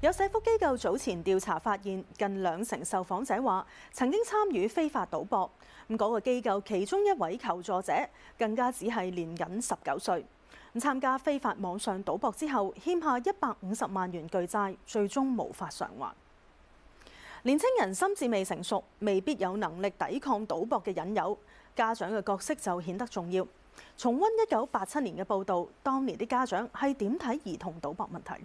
有社福機構早前調查發現，近兩成受訪者話曾經參與非法賭博。咁嗰個機構其中一位求助者更加只係年僅十九歲。咁參加非法網上賭博之後，欠下一百五十萬元巨債，最終無法償還。年青人心智未成熟，未必有能力抵抗賭博嘅引誘，家長嘅角色就顯得重要。重溫一九八七年嘅報導，當年啲家長係點睇兒童賭博問題？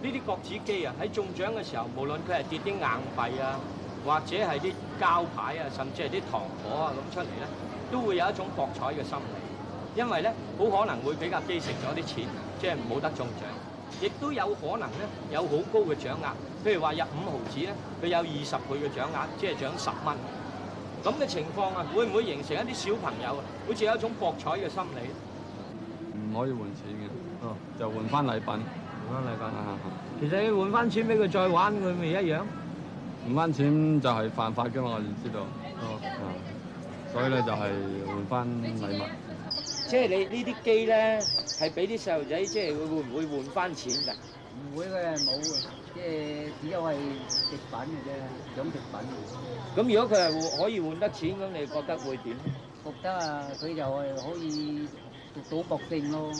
呢啲角子機啊，喺中獎嘅時候，無論佢係跌啲硬幣啊，或者係啲膠牌啊，甚至係啲糖果啊咁出嚟咧，都會有一種博彩嘅心理，因為咧好可能會俾架機食咗啲錢，即係冇得中獎，亦都有可能咧有好高嘅獎額，譬如話入五毫子咧，佢有二十倍嘅獎額，即係獎十蚊。咁嘅情況啊，會唔會形成一啲小朋友啊好似有一種博彩嘅心理？唔可以換錢嘅，嗯、哦，就換翻禮品。其實你換翻錢俾佢再玩，佢咪一樣？換翻錢就係犯法嘅嘛，我知道。哦，所以咧就係換翻禮物。即係你呢啲機咧，係俾啲細路仔，即係會唔會換翻錢㗎？唔會嘅，冇嘅，即係只有係食品嘅啫，飲食品。咁如果佢係可以換得錢，咁你覺得會點？覺得啊，佢就係可以賭博性咯。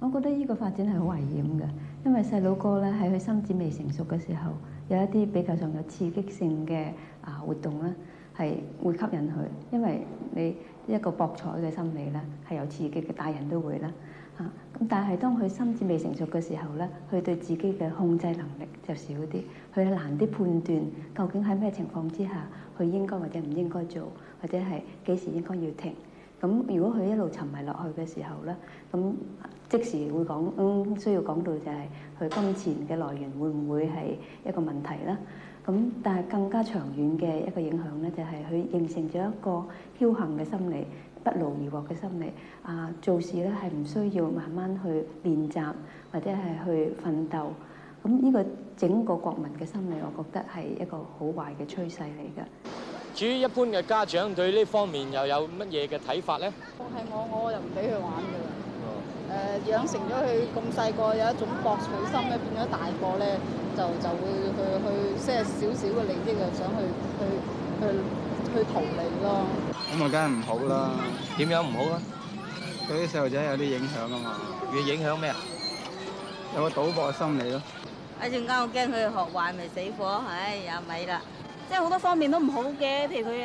我覺得呢個發展係好危險㗎。因為細路哥咧喺佢心智未成熟嘅時候，有一啲比較上有刺激性嘅啊活動咧，係會吸引佢。因為你一個博彩嘅心理咧，係有刺激嘅，大人都會啦嚇。咁但係當佢心智未成熟嘅時候咧，佢對自己嘅控制能力就少啲，佢難啲判斷究竟喺咩情況之下，佢應該或者唔應該做，或者係幾時應該要停。咁如果佢一路沉迷落去嘅時候咧，咁即時會講，咁、嗯、需要講到就係佢金錢嘅來源會唔會係一個問題啦？咁但係更加長遠嘅一個影響咧，就係佢形成咗一個僥倖嘅心理、不勞而獲嘅心理啊，做事咧係唔需要慢慢去練習或者係去奮鬥。咁呢個整個國民嘅心理，我覺得係一個好壞嘅趨勢嚟嘅。至於一般嘅家長對呢方面又有乜嘢嘅睇法咧？我係我，我又唔俾佢玩㗎喇。誒、呃，養成咗佢咁細個有一種博取心咧，變咗大個咧，就就會去去些少少嘅利益就想去去去去圖利咯。咁啊，梗係唔好啦。點樣唔好啊？對啲細路仔有啲影響啊嘛。佢影響咩啊？有個賭博嘅心理咯。一陣間我驚佢學壞咪死火，唉又咪啦～即係好多方面都唔好嘅，譬如佢誒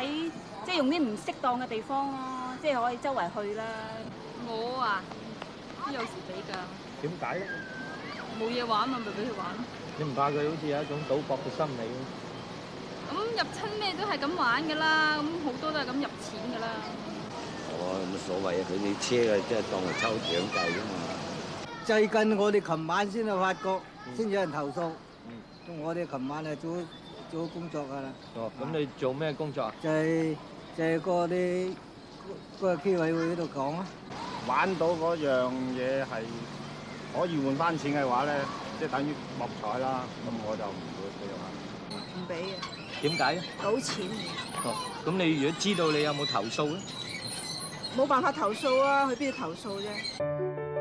喺即係用啲唔適當嘅地方咯，即係可以周圍去啦。我啊，都有時俾㗎。點解咧？冇嘢玩啊咪俾佢玩、啊你。你唔怕佢好似有一種賭博嘅心理咯、啊？咁入親咩都係咁玩㗎啦，咁好多都係咁入錢㗎啦、哦。我冇所謂啊，佢啲車啊，即係當嚟抽獎計㗎嘛。最近我哋琴晚先去發覺，先、嗯、有人投訴，嗯、我哋琴晚啊做。做工作噶啦。哦，咁你做咩工作啊？就係就係嗰啲嗰個居委會喺度講啊。玩到嗰樣嘢係可以換翻錢嘅話咧，即係等於博彩啦，咁我就唔會俾你玩啊。唔俾啊？點解啊？賭錢。哦，咁你如果知道你有冇投訴咧？冇辦法投訴啊，去邊度投訴啫？